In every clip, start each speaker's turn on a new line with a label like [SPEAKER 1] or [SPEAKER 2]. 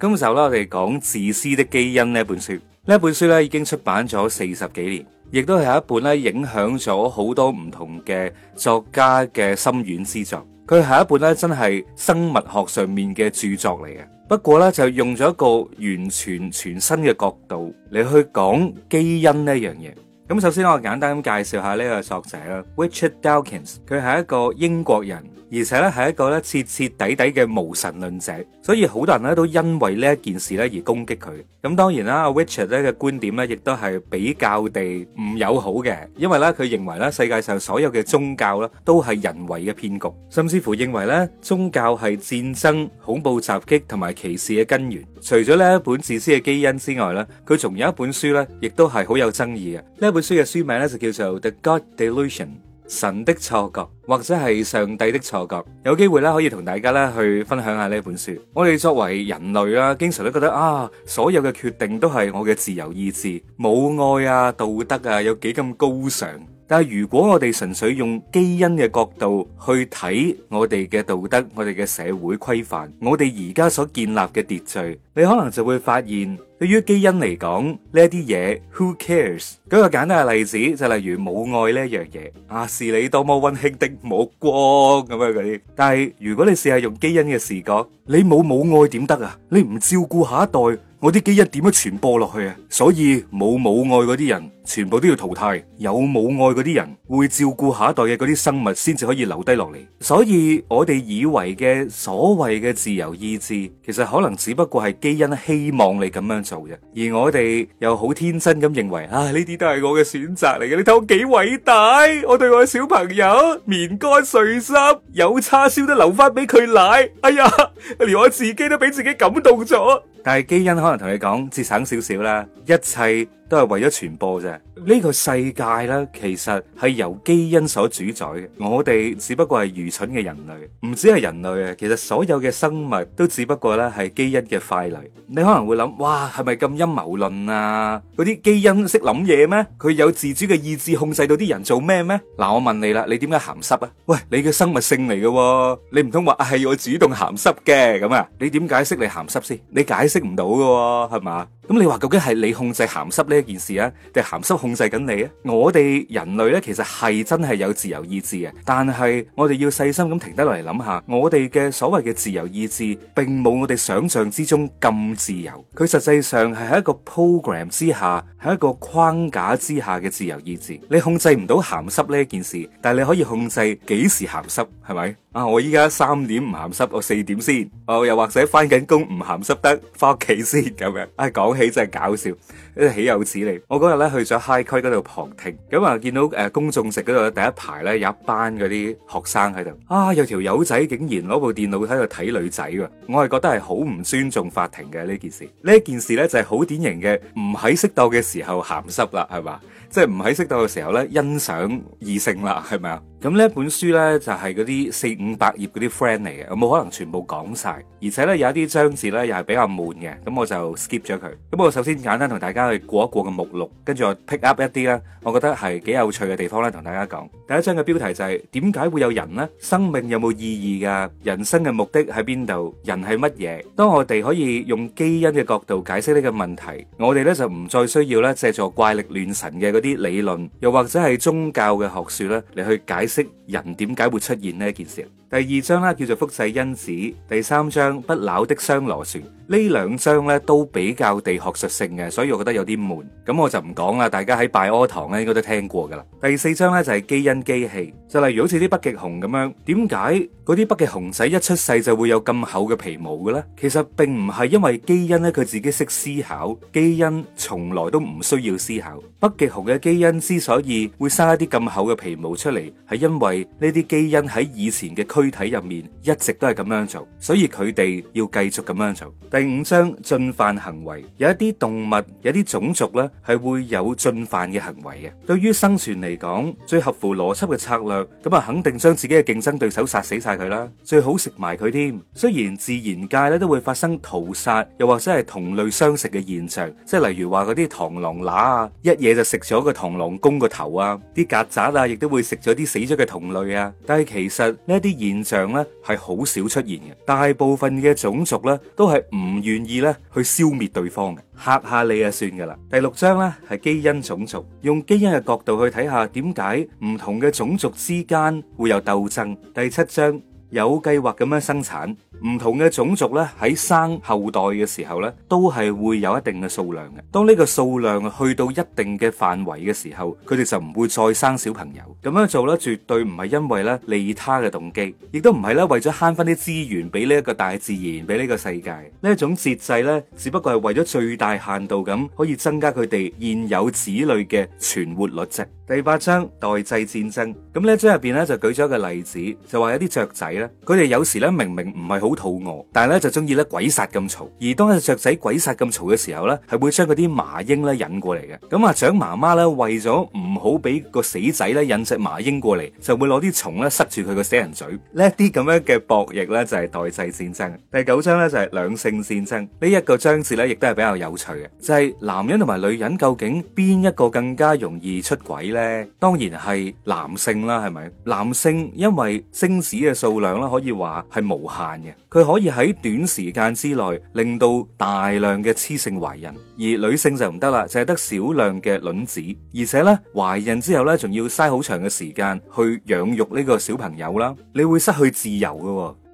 [SPEAKER 1] 今個時候咧，我哋講《自私的基因》呢本書，呢本書咧已經出版咗四十幾年，亦都係一本咧影響咗好多唔同嘅作家嘅深遠之作。佢係一本咧真係生物學上面嘅著作嚟嘅，不過呢，就用咗一個完全全新嘅角度嚟去講基因呢樣嘢。咁首先咧，我簡單咁介紹下呢個作者啦，Richard Dawkins，佢係一個英國人，而且咧係一個咧徹徹底底嘅無神論者，所以好多人咧都因為呢一件事咧而攻擊佢。咁當然啦，Richard 咧嘅觀點咧亦都係比較地唔友好嘅，因為咧佢認為咧世界上所有嘅宗教咧都係人為嘅騙局，甚至乎認為咧宗教係戰爭、恐怖襲擊同埋歧視嘅根源。除咗呢一本自私嘅基因之外咧，佢仲有一本書咧，亦都係好有爭議嘅呢一本。書嘅書名咧就叫做《The God Delusion》，神的錯覺或者係上帝的錯覺。有機會咧可以同大家咧去分享下呢本書。我哋作為人類啦，經常都覺得啊，所有嘅決定都係我嘅自由意志、母愛啊、道德啊，有幾咁高尚？但係如果我哋純粹用基因嘅角度去睇我哋嘅道德、我哋嘅社會規範、我哋而家所建立嘅秩序，你可能就會發現，對於基因嚟講呢啲嘢，Who cares？舉個簡單嘅例子就例如母愛呢一樣嘢，啊是你多麼溫馨的目光咁樣嗰啲。但係如果你試下用基因嘅視覺，你冇母愛點得啊？你唔照顧下一代，我啲基因點樣傳播落去啊？所以冇母愛嗰啲人。全部都要淘汰，有母愛嗰啲人會照顧下一代嘅嗰啲生物，先至可以留低落嚟。所以我哋以為嘅所謂嘅自由意志，其實可能只不過係基因希望你咁樣做嘅，而我哋又好天真咁認為啊，呢啲都係我嘅選擇嚟嘅。你睇我幾偉大，我對我小朋友棉乾絮濕，有叉燒都留翻俾佢奶。哎呀，連我自己都俾自己感動咗。但係基因可能同你講節省少少啦，一切都係為咗傳播啫。呢個世界呢，其實係由基因所主宰嘅。我哋只不過係愚蠢嘅人類，唔止係人類啊，其實所有嘅生物都只不過呢係基因嘅傀儡。你可能會諗，哇，係咪咁陰謀論啊？嗰啲基因識諗嘢咩？佢有自主嘅意志，控制到啲人做咩咩？嗱，我問你啦，你點解鹹濕啊？喂，你嘅生物性嚟嘅，你唔通話係我主動鹹濕嘅？咁啊，你點解釋你鹹濕先？你解釋唔到嘅，係嘛？咁你話究竟係你控制鹹濕呢一件事啊，定係鹹濕控？控制緊你啊，我哋人類咧其實係真係有自由意志嘅，但係我哋要細心咁停得落嚟諗下，我哋嘅所謂嘅自由意志，並冇我哋想象之中咁自由。佢實際上係喺一個 program 之下，喺一個框架之下嘅自由意志。你控制唔到鹹濕呢一件事，但係你可以控制幾時鹹濕，係咪啊？我依家三點唔鹹濕，我四點先。哦，又或者翻緊工唔鹹濕得，翻屋企先咁樣。啊，講起真係搞笑。啲豈有此理！我嗰日咧去咗 High 區嗰度旁聽，咁啊見到誒公眾席嗰度第一排咧有一班嗰啲學生喺度，啊有條友仔竟然攞部電腦喺度睇女仔㗎，我係覺得係好唔尊重法庭嘅，呢件事。呢件事咧就係好典型嘅，唔喺適當嘅時候咸濕啦，係嘛，即係唔喺適當嘅時候咧欣賞異性啦，係咪啊？咁呢一本書咧就係嗰啲四五百頁嗰啲 friend 嚟嘅，我冇可能全部講晒，而且咧有一啲章節咧又係比較悶嘅，咁我就 skip 咗佢。咁我首先簡單同大家去過一過個目錄，跟住我 pick up 一啲咧，我覺得係幾有趣嘅地方咧，同大家講。第一章嘅標題就係點解會有人咧？生命有冇意義噶？人生嘅目的喺邊度？人係乜嘢？當我哋可以用基因嘅角度解釋呢個問題，我哋咧就唔再需要咧借助怪力亂神嘅嗰啲理論，又或者係宗教嘅學説咧嚟去解釋。識人點解會出現呢一件事？第二章啦，叫做複製因子；第三章不朽的雙螺旋。呢兩章咧都比較地學術性嘅，所以我覺得有啲悶。咁我就唔講啦，大家喺拜柯堂咧應該都聽過噶啦。第四章咧就係基因機器，就例如好似啲北極熊咁樣，點解嗰啲北極熊仔一出世就會有咁厚嘅皮毛嘅咧？其實並唔係因為基因咧佢自己識思考，基因從來都唔需要思考。北極熊嘅基因之所以會生一啲咁厚嘅皮毛出嚟，係因為呢啲基因喺以前嘅區軀體入面一直都係咁樣做，所以佢哋要繼續咁樣做。第五章進犯行為，有一啲動物，有啲種族呢係會有進犯嘅行為嘅。對於生存嚟講，最合乎邏輯嘅策略，咁啊肯定將自己嘅競爭對手殺死晒佢啦，最好食埋佢添。雖然自然界咧都會發生屠殺，又或者係同類相食嘅現象，即係例如話嗰啲螳螂乸啊，一嘢就食咗個螳螂公個頭啊，啲曱甴啊亦都會食咗啲死咗嘅同類啊。但係其實呢一啲嚴現象咧係好少出現嘅，大部分嘅種族咧都係唔願意咧去消滅對方嘅吓下你就算㗎喇。第六章咧係基因種族，用基因嘅角度去睇下點解唔同嘅種族之間會有鬥爭。第七章。有計劃咁樣生產唔同嘅種族咧，喺生後代嘅時候咧，都係會有一定嘅數量嘅。當呢個數量去到一定嘅範圍嘅時候，佢哋就唔會再生小朋友。咁樣做咧，絕對唔係因為咧利他嘅動機，亦都唔係咧為咗慳翻啲資源俾呢一個大自然，俾呢個世界。節呢一種節制咧，只不過係為咗最大限度咁可以增加佢哋現有子女嘅存活率啫。第八章代際戰爭，咁呢一章入邊咧就舉咗一個例子，就話有啲雀仔咧，佢哋有時咧明明唔係好肚餓，但係咧就中意咧鬼殺咁嘈。而當隻雀仔鬼殺咁嘈嘅時候咧，係會將嗰啲麻鷹咧引過嚟嘅。咁啊，長媽媽咧為咗唔好俾個死仔咧引隻麻鷹過嚟，就會攞啲蟲咧塞住佢個死人嘴。呢啲咁樣嘅博弈，咧就係代際戰爭。第九章咧就係兩性戰爭，呢一個章節咧亦都係比較有趣嘅，就係男人同埋女人究竟邊一個更加容易出軌咧？當然係男性啦，係咪？男性因為精子嘅數量啦，可以話係無限嘅，佢可以喺短時間之內令到大量嘅雌性懷孕，而女性就唔得啦，淨係得少量嘅卵子，而且咧懷孕之後咧，仲要嘥好長嘅時間去養育呢個小朋友啦，你會失去自由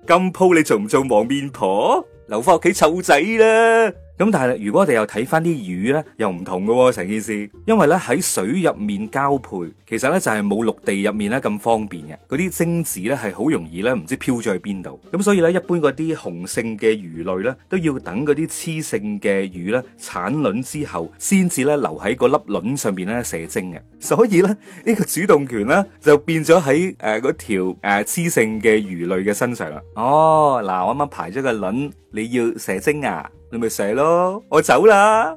[SPEAKER 1] 噶，咁鋪你做唔做黃面婆，留翻屋企湊仔啦。咁但係如果我哋又睇翻啲魚呢，又唔同嘅成件事，因為呢喺水入面交配，其實呢就係冇陸地入面呢咁方便嘅，嗰啲精子呢係好容易呢唔知飄咗去邊度，咁所以呢，一般嗰啲雄性嘅魚類呢，都要等嗰啲雌性嘅魚呢產卵之後，先至呢留喺嗰粒卵上邊呢射精嘅，所以呢，呢、呢個主動權呢，就變咗喺誒嗰條誒雌性嘅魚類嘅身上啦。哦，嗱，我啱啱排咗個卵，你要射精啊？你咪寫咯，我走啦，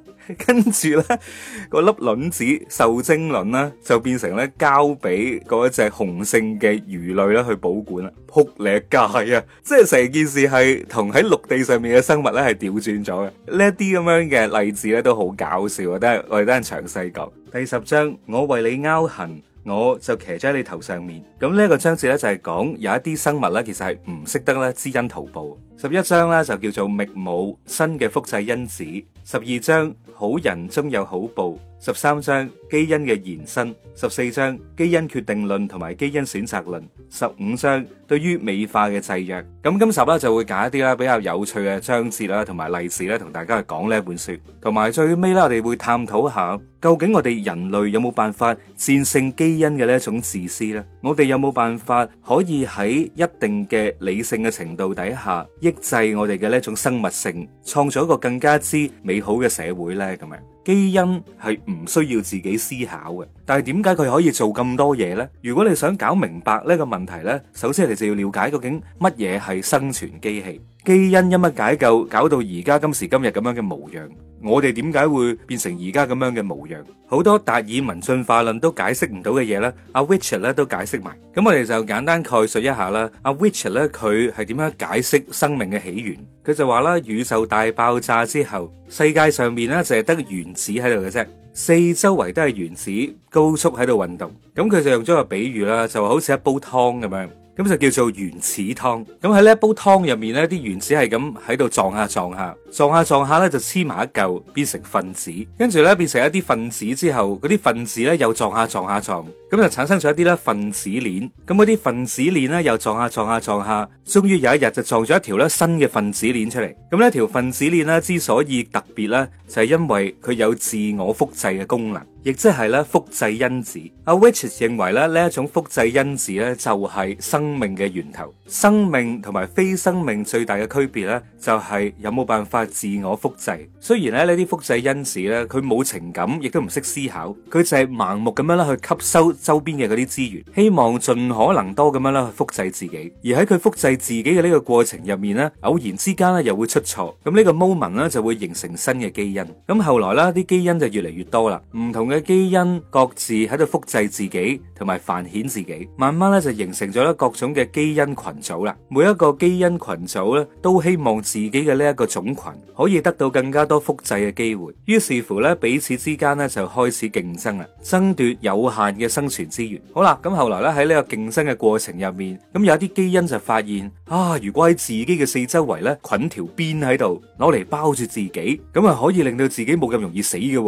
[SPEAKER 1] 跟住咧個粒卵子受精卵咧就變成咧交俾嗰隻雄性嘅魚類咧去保管啦，扑你個街啊！即係成件事係同喺陸地上面嘅生物咧係調轉咗嘅，呢一啲咁樣嘅例子咧都好搞笑啊！都係我哋等陣詳細講第十章，我為你凹痕，我就騎在你頭上面。咁呢一個章節咧就係講有一啲生物咧其實係唔識得咧知恩圖報。十一章咧就叫做覓母新嘅複製因子。十二章，好人終有好報。十三章基因嘅延伸，十四章基因決定論同埋基因選擇論，十五章對於美化嘅制約。咁今集咧就會揀一啲啦比較有趣嘅章節啦，同埋例子咧同大家去講呢一本書。同埋最尾咧我哋會探討下，究竟我哋人類有冇辦法戰勝基因嘅呢一種自私咧？我哋有冇辦法可以喺一定嘅理性嘅程度底下抑制我哋嘅呢一種生物性，創造一個更加之美好嘅社會咧？咁樣。基因係唔需要自己思考嘅，但係點解佢可以做咁多嘢呢？如果你想搞明白呢個問題呢，首先你就要了解究竟乜嘢係生存機器。基因因乜解究，搞到而家今時今日咁樣嘅模樣，我哋點解會變成而家咁樣嘅模樣？好多達爾文進化論都解釋唔到嘅嘢咧，阿 Richard 咧都解釋埋。咁我哋就簡單概述一下啦。阿 Richard 咧，佢係點樣解釋生命嘅起源？佢就話啦，宇宙大爆炸之後，世界上面咧就係得原子喺度嘅啫，四周圍都係原子高速喺度運動。咁佢就用咗個比喻啦，就好似一煲湯咁樣。咁就叫做原始湯。咁喺呢一煲湯入面咧，啲原始係咁喺度撞下撞下。撞下撞下咧就黐埋一嚿，變成分子，跟住咧變成一啲分子之後，嗰啲分子咧又撞下撞下撞，咁就產生咗一啲咧分子鏈。咁嗰啲分子鏈咧又撞下撞下撞下，終於有一日就撞咗一條咧新嘅分子鏈出嚟。咁呢條分子鏈咧之所以特別咧，就係因為佢有自我複製嘅功能，亦即係咧複製因子。阿 Rich 認為咧呢一種複製因子咧就係生命嘅源頭。生命同埋非生命最大嘅區別咧就係有冇辦法。自我複製，雖然咧呢啲複製因子咧，佢冇情感，亦都唔識思考，佢就係盲目咁樣啦去吸收周邊嘅嗰啲資源，希望盡可能多咁樣啦去複製自己。而喺佢複製自己嘅呢個過程入面咧，偶然之間咧又會出錯，咁呢個 moment 呢，就會形成新嘅基因。咁後來啦，啲基因就越嚟越多啦，唔同嘅基因各自喺度複製自己同埋繁衍自己，慢慢咧就形成咗咧各種嘅基因群組啦。每一個基因群組咧都希望自己嘅呢一個種群。可以得到更加多複製嘅機會，於是乎咧，彼此之間咧就開始競爭啦，爭奪有限嘅生存資源。好啦，咁後來咧喺呢個競爭嘅過程入面，咁有一啲基因就發現啊，如果喺自己嘅四周圍咧捆條邊喺度，攞嚟包住自己，咁啊可以令到自己冇咁容易死嘅。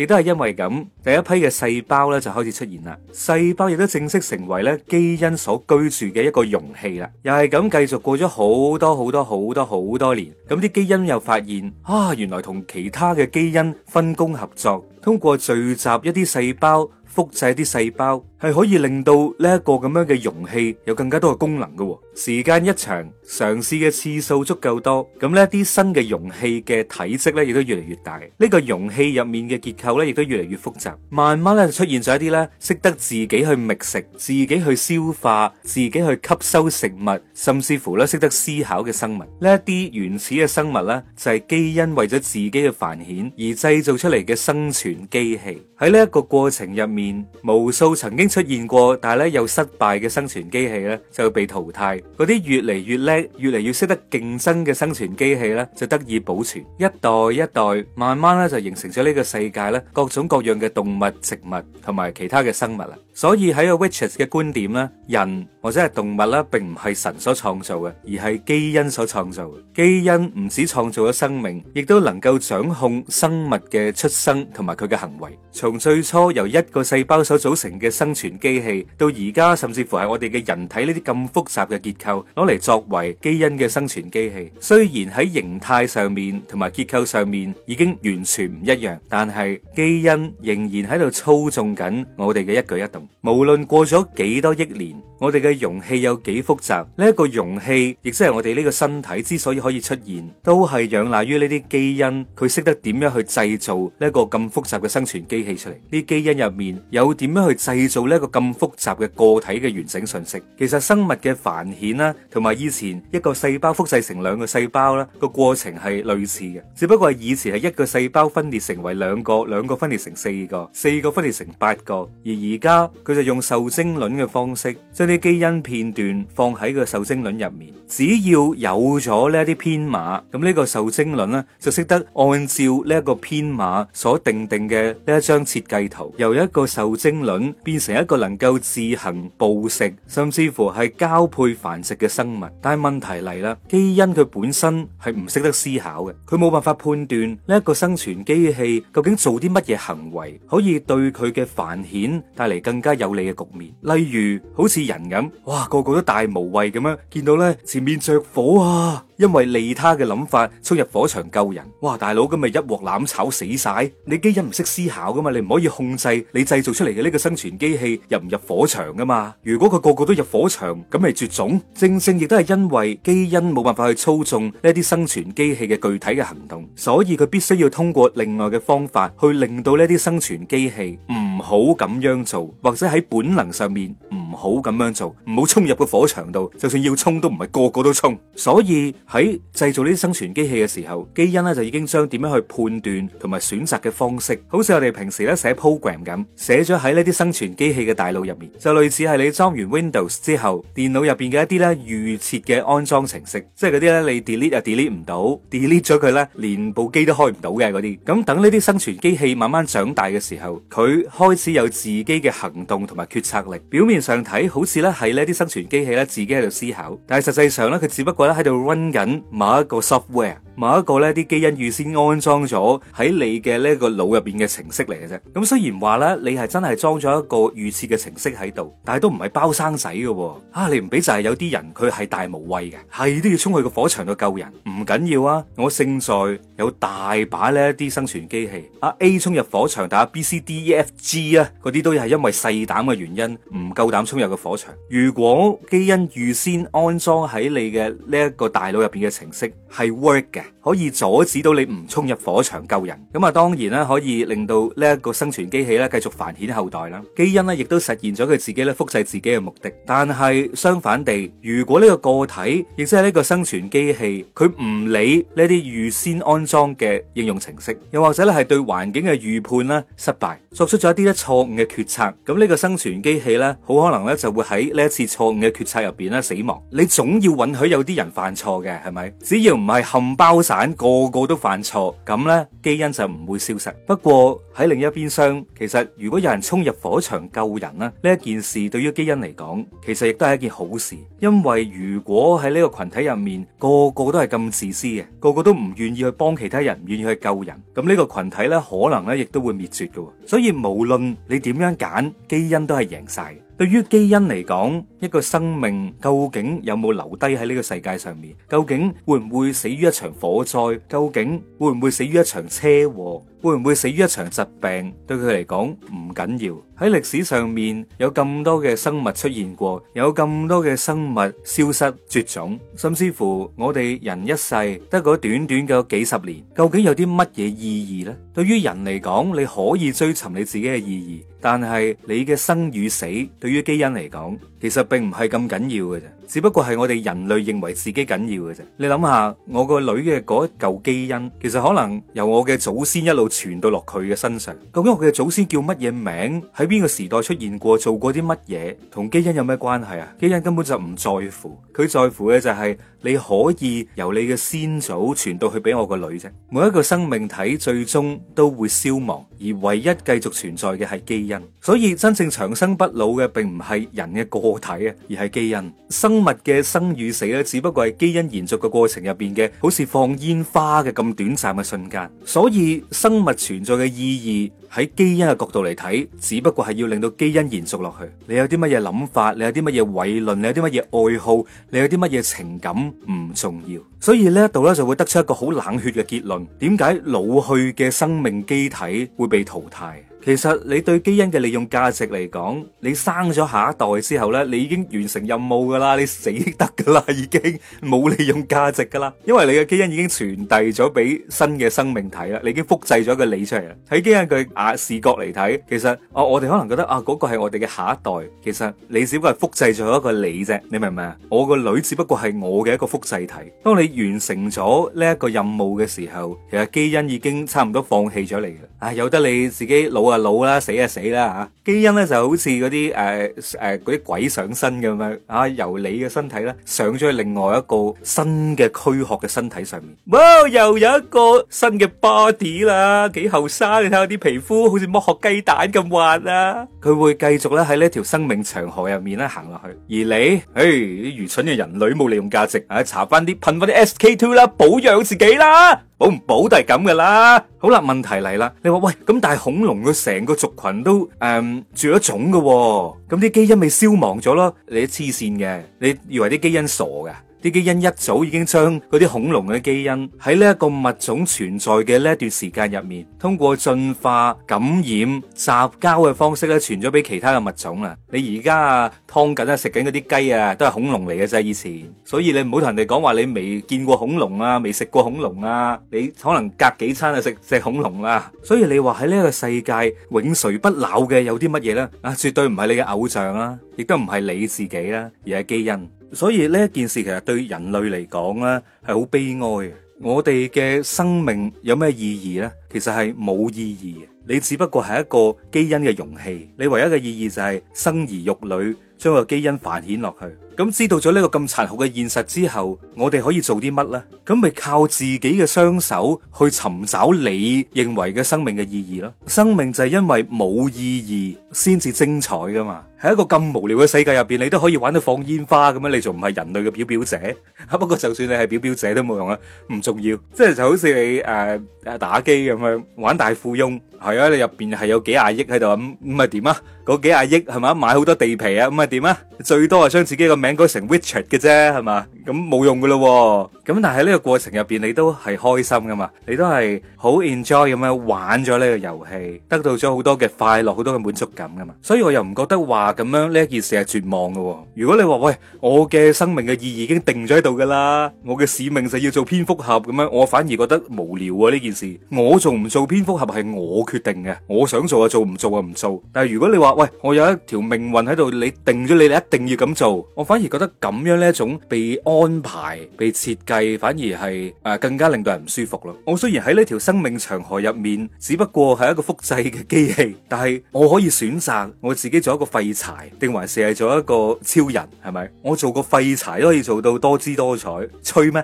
[SPEAKER 1] 亦都係因為咁，第一批嘅細胞咧就開始出現啦。細胞亦都正式成為咧基因所居住嘅一個容器啦。又係咁繼續過咗好多好多好多好多年，咁啲基因又發現啊，原來同其他嘅基因分工合作，通過聚集一啲細胞。複製啲細胞係可以令到呢一個咁樣嘅容器有更加多嘅功能嘅，時間一長，嘗試嘅次數足夠多，咁呢一啲新嘅容器嘅體積咧，亦都越嚟越大。呢個容器入面嘅結構咧，亦都越嚟越複雜，慢慢咧出現咗一啲咧識得自己去覓食、自己去消化、自己去吸收食物，甚至乎咧識得思考嘅生物。呢一啲原始嘅生物咧，就係基因為咗自己嘅繁衍而製造出嚟嘅生存機器。喺呢一個過程入面。無數曾經出現過但係咧又失敗嘅生存機器咧就被淘汰，嗰啲越嚟越叻，越嚟越識得競爭嘅生存機器咧就得以保存，一代一代慢慢咧就形成咗呢個世界咧各種各樣嘅動物、植物同埋其他嘅生物啦。所以喺個 Witches 嘅觀點咧，人或者係動物咧，並唔係神所創造嘅，而係基因所創造嘅。基因唔止創造咗生命，亦都能夠掌控生物嘅出生同埋佢嘅行為。從最初由一個。細胞所組成嘅生存機器，到而家甚至乎係我哋嘅人體呢啲咁複雜嘅結構，攞嚟作為基因嘅生存機器。雖然喺形態上面同埋結構上面已經完全唔一樣，但係基因仍然喺度操縱緊我哋嘅一舉一動。無論過咗幾多億年，我哋嘅容器有幾複雜，呢個容器亦即係我哋呢個身體之所以可以出現，都係仰賴於呢啲基因，佢識得點樣去製造呢個咁複雜嘅生存機器出嚟。呢啲基因入面。有點樣去製造呢一個咁複雜嘅個體嘅完整信息。其實生物嘅繁衍啦，同埋以前一個細胞複製成兩個細胞啦，個過程係類似嘅。只不過係以前係一個細胞分裂成為兩個，兩個分裂成四個，四個分裂成八個。而而家佢就用受精卵嘅方式，將啲基因片段放喺個受精卵入面。只要有咗呢啲編碼，咁呢個受精卵呢，就識得按照呢一個編碼所定定嘅呢一張設計圖，由一個。受精卵變成一個能夠自行捕食，甚至乎係交配繁殖嘅生物。但係問題嚟啦，基因佢本身係唔識得思考嘅，佢冇辦法判斷呢一個生存機器究竟做啲乜嘢行為可以對佢嘅繁衍帶嚟更加有利嘅局面。例如好似人咁，哇，個個都大無畏咁樣見到呢，前面着火啊，因為利他嘅諗法衝入火場救人，哇！大佬咁咪一鑊攬炒死晒！你基因唔識思考噶嘛？你唔可以控制你製造出嚟嘅呢個生存機器入唔入火場噶嘛？如果佢個個都入火場，咁咪絕種。正正亦都係因為基因冇辦法去操縱呢啲生存機器嘅具體嘅行動，所以佢必須要通過另外嘅方法去令到呢啲生存機器唔好咁樣做，或者喺本能上面唔。唔好咁樣做，唔好衝入個火場度，就算要衝都唔係個個都衝。所以喺製造呢啲生存機器嘅時候，基因咧就已經將點樣去判斷同埋選擇嘅方式，好似我哋平時咧寫 program 咁，寫咗喺呢啲生存機器嘅大腦入面，就類似係你裝完 Windows 之後，電腦入邊嘅一啲咧預設嘅安裝程式，即係嗰啲咧你 delete 啊 delete 唔到，delete 咗佢咧連部機都開唔到嘅嗰啲。咁等呢啲生存機器慢慢長大嘅時候，佢開始有自己嘅行動同埋決策力，表面上。睇好似咧係咧啲生存機器咧自己喺度思考，但係實際上咧佢只不過咧喺度 run 緊某一個 software，某一個咧啲基因預先安裝咗喺你嘅呢個腦入邊嘅程式嚟嘅啫。咁雖然話咧你係真係裝咗一個預設嘅程式喺度，但係都唔係包生仔嘅。啊，你唔俾就係有啲人佢係大無畏嘅，係都要衝去個火場度救人，唔緊要啊。我勝在有大把呢一啲生存機器。阿 A 衝入火場，但係阿 B、C、D、E、F、G 啊，嗰啲都係因為細膽嘅原因唔夠膽。衝入個火場，如果基因預先安裝喺你嘅呢一個大腦入邊嘅程式。係 work 嘅，可以阻止到你唔衝入火場救人。咁啊，當然啦，可以令到呢一個生存機器咧繼續繁衍後代啦。基因呢亦都實現咗佢自己咧複製自己嘅目的。但係相反地，如果呢個個體亦即係呢個生存機器，佢唔理呢啲預先安裝嘅應用程式，又或者咧係對環境嘅預判咧失敗，作出咗一啲咧錯誤嘅決策，咁呢個生存機器咧好可能咧就會喺呢一次錯誤嘅決策入邊咧死亡。你總要允許有啲人犯錯嘅，係咪？只要唔係冚包散，個個都犯錯，咁呢基因就唔會消失。不過喺另一邊廂，其實如果有人衝入火場救人啦，呢一件事對於基因嚟講，其實亦都係一件好事。因為如果喺呢個群體入面，個個都係咁自私嘅，個個都唔願意去幫其他人，唔願意去救人，咁呢個群體呢，可能呢亦都會滅絕噶。所以無論你點樣揀，基因都係贏晒。對於基因嚟講。一個生命究竟有冇留低喺呢個世界上面？究竟會唔會死於一場火災？究竟會唔會死於一場車禍？會唔會死於一場疾病？對佢嚟講唔緊要。喺歷史上面有咁多嘅生物出現過，有咁多嘅生物消失絕種，甚至乎我哋人一世得嗰短短嘅幾十年，究竟有啲乜嘢意義呢？對於人嚟講，你可以追尋你自己嘅意義，但係你嘅生與死，對於基因嚟講。其實並唔係咁緊要嘅啫。只不過係我哋人類認為自己緊要嘅啫。你諗下，我個女嘅嗰一嚿基因，其實可能由我嘅祖先一路傳到落佢嘅身上。究竟我嘅祖先叫乜嘢名？喺邊個時代出現過？做過啲乜嘢？同基因有咩關係啊？基因根本就唔在乎，佢在乎嘅就係你可以由你嘅先祖傳到去俾我個女啫。每一個生命體最終都會消亡，而唯一繼續存在嘅係基因。所以真正長生不老嘅，並唔係人嘅個體啊，而係基因生。生物嘅生與死咧，只不過係基因延續嘅過程入邊嘅，好似放煙花嘅咁短暫嘅瞬間。所以生物存在嘅意義喺基因嘅角度嚟睇，只不過係要令到基因延續落去。你有啲乜嘢諗法？你有啲乜嘢偉論？你有啲乜嘢愛好？你有啲乜嘢情感？唔重要。所以呢一度咧就會得出一個好冷血嘅結論。點解老去嘅生命機體會被淘汰？其實你對基因嘅利用價值嚟講，你生咗下一代之後咧，你已經完成任務噶啦，你死得噶啦，已經冇利用價值噶啦，因為你嘅基因已經傳遞咗俾新嘅生命體啦，你已經複製咗一個你出嚟啦。喺基因嘅啊視覺嚟睇，其實我我哋可能覺得啊嗰個係我哋嘅下一代，其實你只不過係複製咗一個你啫，你明唔明啊？我個女只不過係我嘅一個複製體。當你完成咗呢一個任務嘅時候，其實基因已經差唔多放棄咗你啦。唉，有得你自己老。啊老啦，死就死啦吓，基因咧就好似嗰啲誒誒啲鬼上身咁樣啊，由你嘅身體咧上咗去另外一個新嘅軀殼嘅身體上面，哇，又有一個新嘅 body 啦，幾後生你睇下啲皮膚好似剝殼雞蛋咁滑啊，佢會繼續咧喺呢條生命長河入面咧行落去，而你誒啲愚蠢嘅人類冇利用價值啊，搽翻啲噴翻啲 SK two 啦，保養自己啦。保唔保都係咁噶啦，好啦，問題嚟啦，你話喂咁，但係恐龍個成個族群都誒絕咗種噶，哦，咁啲基因咪消亡咗咯，你黐線嘅，你以為啲基因傻噶？啲基因一早已經將嗰啲恐龍嘅基因喺呢一個物種存在嘅呢一段時間入面，通過進化、感染、雜交嘅方式咧，傳咗俾其他嘅物種啦。你而家啊，劏緊啊，食緊嗰啲雞啊，都係恐龍嚟嘅啫，以前。所以你唔好同人哋講話你未見過恐龍啊，未食過恐龍啊。你可能隔幾餐啊食隻恐龍啦。所以你話喺呢一個世界永垂不朽嘅有啲乜嘢呢？啊，絕對唔係你嘅偶像啦，亦都唔係你自己啦，而係基因。所以呢一件事其實對人類嚟講呢係好悲哀嘅。我哋嘅生命有咩意義呢？其實係冇意義嘅。你只不過係一個基因嘅容器，你唯一嘅意義就係生兒育女，將個基因繁衍落去。咁知道咗呢個咁殘酷嘅現實之後，我哋可以做啲乜呢？咁咪靠自己嘅雙手去尋找你認為嘅生命嘅意義咯。生命就係因為冇意義先至精彩㗎嘛。喺一個咁無聊嘅世界入邊，你都可以玩到放煙花咁樣，你仲唔係人類嘅表表者？ 不過就算你係表表者都冇用啊，唔重要。即係就好似你誒誒、呃、打機咁樣，玩大富翁係啊，你入邊係有幾廿億喺度，咁咁係點啊？嗰幾廿億係咪？買好多地皮啊，咁咪點啊？最多係將自己個名改成 Richard 嘅啫，係嘛？咁冇用噶咯喎。咁但係呢個過程入邊，你都係開心噶嘛？你都係好 enjoy 咁樣玩咗呢個遊戲，得到咗好多嘅快樂，好多嘅滿足感噶嘛。所以我又唔覺得話咁樣呢一件事係絕望噶喎。如果你話喂，我嘅生命嘅意義已經定咗喺度噶啦，我嘅使命就要做蝙蝠俠咁樣，我反而覺得無聊啊呢件事。我做唔做蝙蝠俠係我決定嘅，我想做就做，唔做就唔做。但係如果你話，喂，我有一條命運喺度，你定咗你，你一定要咁做。我反而覺得咁樣呢一種被安排、被設計，反而係誒更加令到人唔舒服咯。我雖然喺呢條生命長河入面，只不過係一個複製嘅機器，但係我可以選擇我自己做一個廢柴，定還是係做一個超人？係咪？我做個廢柴都可以做到多姿多彩，吹咩？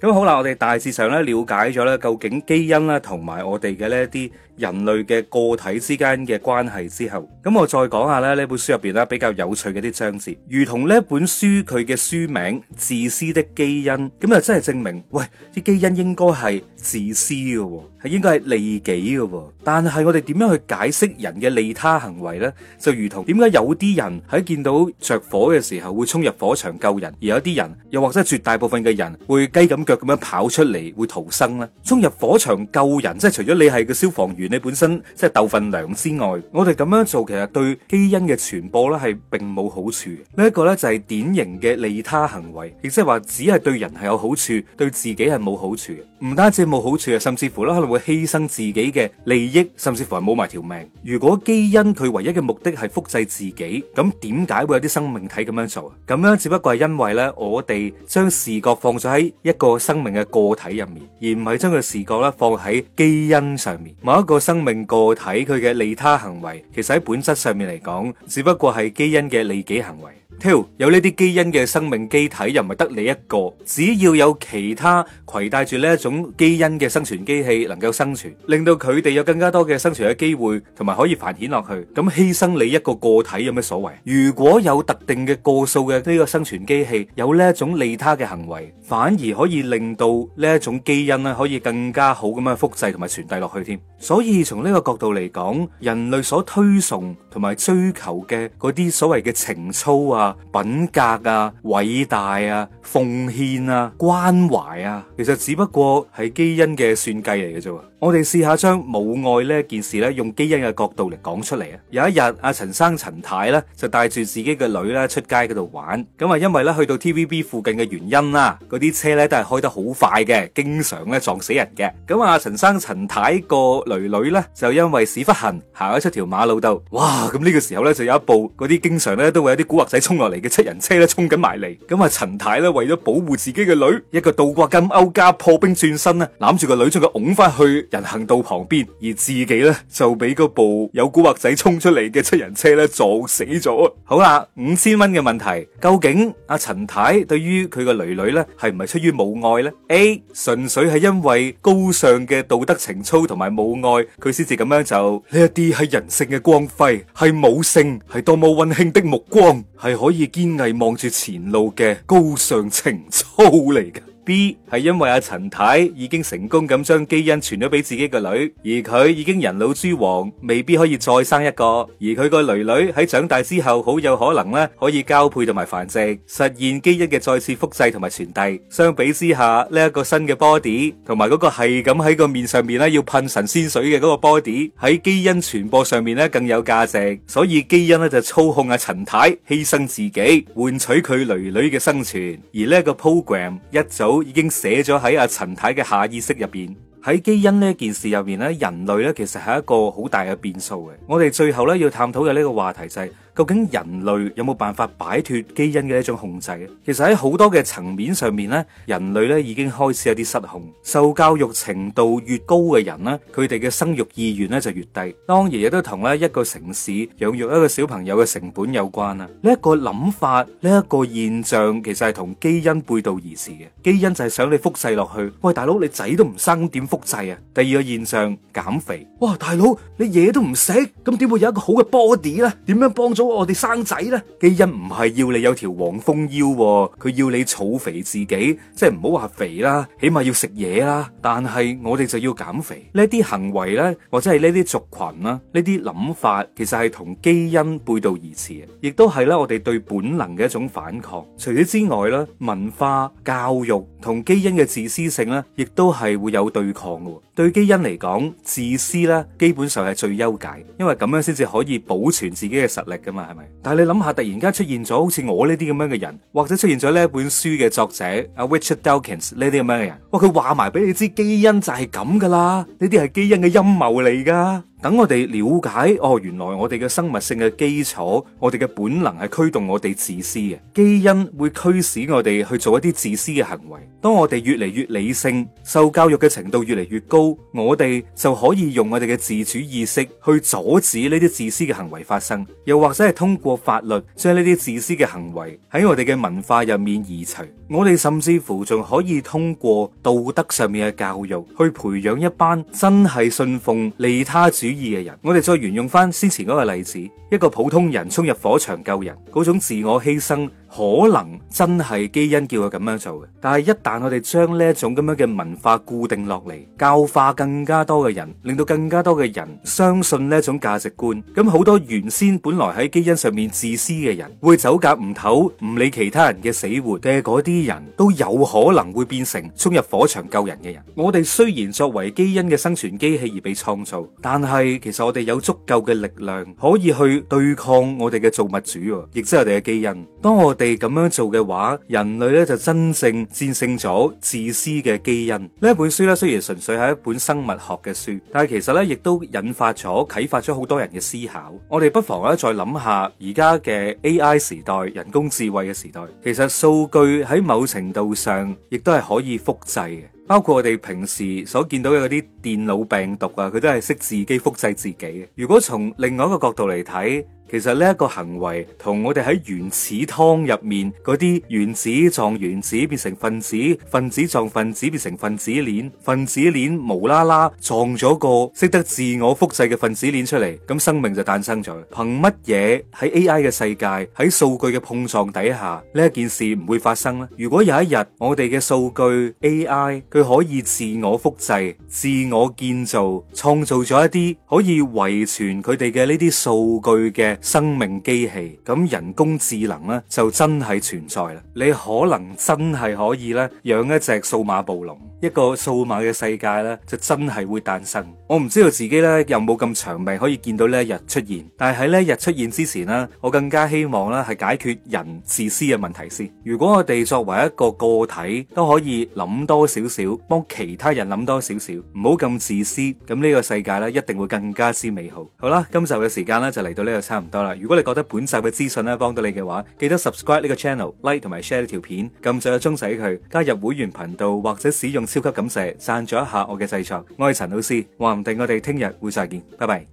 [SPEAKER 1] 咁好啦，我哋大致上咧了解咗咧，究竟基因啦，同埋我哋嘅呢一啲。人類嘅個體之間嘅關係之後，咁我再講下咧呢本書入邊咧比較有趣嘅啲章節，如同呢本書佢嘅書名《自私的基因》，咁就真係證明，喂，啲基因應該係自私嘅，係應該係利己嘅。但係我哋點樣去解釋人嘅利他行為呢？就如同點解有啲人喺見到着火嘅時候會衝入火場救人，而有啲人又或者係絕大部分嘅人會雞咁腳咁樣跑出嚟會逃生呢？衝入火場救人，即係除咗你係個消防員。你本身即係斗份糧之外，我哋咁樣做其實對基因嘅傳播咧係並冇好處。呢一個咧就係典型嘅利他行為，亦即係話只係對人係有好處，對自己係冇好處嘅。唔單止冇好處啊，甚至乎咧可能會犧牲自己嘅利益，甚至乎係冇埋條命。如果基因佢唯一嘅目的係複製自己，咁點解會有啲生命體咁樣做？咁樣只不過係因為咧，我哋將視覺放咗喺一個生命嘅個體入面，而唔係將佢視覺咧放喺基因上面。某一個。生命個體佢嘅利他行為，其實喺本質上面嚟講，只不過係基因嘅利己行為。挑，有呢啲基因嘅生命機體，又唔係得你一個，只要有其他攜帶住呢一種基因嘅生存機器能夠生存，令到佢哋有更加多嘅生存嘅機會，同埋可以繁衍落去。咁犧牲你一個個體有咩所謂？如果有特定嘅個數嘅呢個生存機器有呢一種利他嘅行為，反而可以令到呢一種基因咧可以更加好咁樣複製同埋傳遞落去添。所以從呢個角度嚟講，人類所推崇。同埋追求嘅嗰啲所謂嘅情操啊、品格啊、偉大啊、奉獻啊、關懷啊，其實只不過係基因嘅算計嚟嘅啫。我哋試下將母愛呢件事咧，用基因嘅角度嚟講出嚟啊！有一日，阿陳生陳太咧就帶住自己嘅女咧出街嗰度玩，咁啊，因為咧去到 TVB 附近嘅原因啦，嗰啲車咧都係開得好快嘅，經常咧撞死人嘅。咁啊，陳生陳太個囡囡咧就因為屎忽痕行咗出條馬路度，哇！咁呢個時候咧，就有一部嗰啲經常咧都會有啲古惑仔衝落嚟嘅七人車咧，衝緊埋嚟。咁啊，陳太咧為咗保護自己嘅女，一個倒掛金鈎加破冰轉身咧，攬住個女將佢拱翻去人行道旁邊，而自己咧就俾嗰部有古惑仔衝出嚟嘅七人車咧撞死咗。好啦，五千蚊嘅問題，究竟阿陳太對於佢個囡囡咧係唔係出於母愛咧？A 純粹係因為高尚嘅道德情操同埋母愛，佢先至咁樣就呢一啲係人性嘅光輝。係母性，係多麼溫馨的目光，係可以堅毅望住前路嘅高尚情操嚟嘅。B 係因為阿陳太已經成功咁將基因傳咗俾自己個女，而佢已經人老珠黃，未必可以再生一個。而佢個女女喺長大之後，好有可能咧可以交配同埋繁殖，實現基因嘅再次複製同埋傳遞。相比之下，呢、這、一個新嘅 body 同埋嗰個係咁喺個面上面咧要噴神仙水嘅嗰個 body 喺基因傳播上面咧更有價值。所以基因咧就操控阿陳太，太犧牲自己，換取佢女女嘅生存。而呢一個 program 一早。已經寫咗喺阿陳太嘅下意識入邊，喺基因呢件事入面咧，人類咧其實係一個好大嘅變數嘅。我哋最後咧要探討嘅呢個話題就係、是。究竟人類有冇辦法擺脫基因嘅一種控制咧？其實喺好多嘅層面上面咧，人類咧已經開始有啲失控。受教育程度越高嘅人咧，佢哋嘅生育意願咧就越低。當然亦都同咧一個城市養育一個小朋友嘅成本有關啦。呢一個諗法，呢一個現象，其實係同基因背道而馳嘅。基因就係想你複製落去。喂，大佬，你仔都唔生，點複製啊？第二個現象，減肥。哇，大佬，你嘢都唔食，咁點會有一個好嘅 body 咧？點樣幫助？我哋生仔呢，基因唔係要你有條黃蜂腰，哦，佢要你儲肥自己，即係唔好話肥啦，起碼要食嘢啦。但係我哋就要減肥，呢啲行為呢，或者係呢啲族群啦，呢啲諗法,其實係同基因背道而馳嘅，亦都係咧我哋對本能嘅一種反抗。除此之外咧，文化教育同基因嘅自私性呢，亦都係會有對抗嘅。對基因嚟講，自私咧基本上係最優解，因為咁樣先至可以保存自己嘅實力噶嘛，係咪？但係你諗下，突然間出現咗好似我呢啲咁樣嘅人，或者出現咗呢一本書嘅作者阿 Richard Dawkins 呢啲咁樣嘅人，哇！佢話埋俾你知，基因就係咁噶啦，呢啲係基因嘅陰謀嚟噶。等我哋了解哦，原來我哋嘅生物性嘅基礎，我哋嘅本能係驅動我哋自私嘅基因，會驅使我哋去做一啲自私嘅行為。當我哋越嚟越理性，受教育嘅程度越嚟越高，我哋就可以用我哋嘅自主意識去阻止呢啲自私嘅行為發生。又或者係通過法律將呢啲自私嘅行為喺我哋嘅文化入面移除。我哋甚至乎仲可以通過道德上面嘅教育，去培養一班真係信奉利他主。主義嘅人，我哋再沿用翻先前嗰個例子，一個普通人衝入火場救人，嗰種自我犧牲。可能真係基因叫佢咁樣做嘅，但係一旦我哋將呢一種咁樣嘅文化固定落嚟，教化更加多嘅人，令到更加多嘅人相信呢一種價值觀，咁好多原先本來喺基因上面自私嘅人，會走夾唔唞，唔理其他人嘅死活嘅嗰啲人都有可能會變成衝入火場救人嘅人。我哋雖然作為基因嘅生存機器而被創造，但係其實我哋有足夠嘅力量可以去對抗我哋嘅造物主，亦即係我哋嘅基因。當我哋咁樣做嘅話，人類咧就真正戰勝咗自私嘅基因。呢一本書咧雖然純粹係一本生物學嘅書，但係其實咧亦都引發咗啟發咗好多人嘅思考。我哋不妨咧再諗下而家嘅 AI 時代、人工智慧嘅時代，其實數據喺某程度上亦都係可以複製嘅。包括我哋平時所見到嘅嗰啲電腦病毒啊，佢都係識自己複製自己嘅。如果從另外一個角度嚟睇，其實呢一個行為同我哋喺原始湯入面嗰啲原子撞原子變成分子，分子撞分子變成分子鏈，分子鏈無啦啦撞咗個識得自我複製嘅分子鏈出嚟，咁生命就誕生咗。憑乜嘢喺 AI 嘅世界，喺數據嘅碰撞底下呢一件事唔會發生呢？如果有一日我哋嘅數據 AI 佢可以自我複製、自我建造、創造咗一啲可以遺傳佢哋嘅呢啲數據嘅。生命機器，咁人工智能咧就真係存在啦，你可能真係可以咧養一隻數碼暴龍，一個數碼嘅世界咧就真係會誕生。我唔知道自己咧有冇咁長命可以見到呢一日出現，但係喺呢日出現之前咧，我更加希望咧係解決人自私嘅問題先。如果我哋作為一個個體都可以諗多少少，幫其他人諗多少少，唔好咁自私，咁呢個世界咧一定會更加之美好。好啦，今集嘅時間咧就嚟到呢個差唔多。多啦！如果你覺得本集嘅資訊咧幫到你嘅話，記得 subscribe 呢個 channel、like 同埋 share 呢條片，撳咗鐘仔佢，加入會員頻道或者使用超級感謝贊助一下我嘅製作。我係陳老 C，話唔定我哋聽日會再見，拜拜。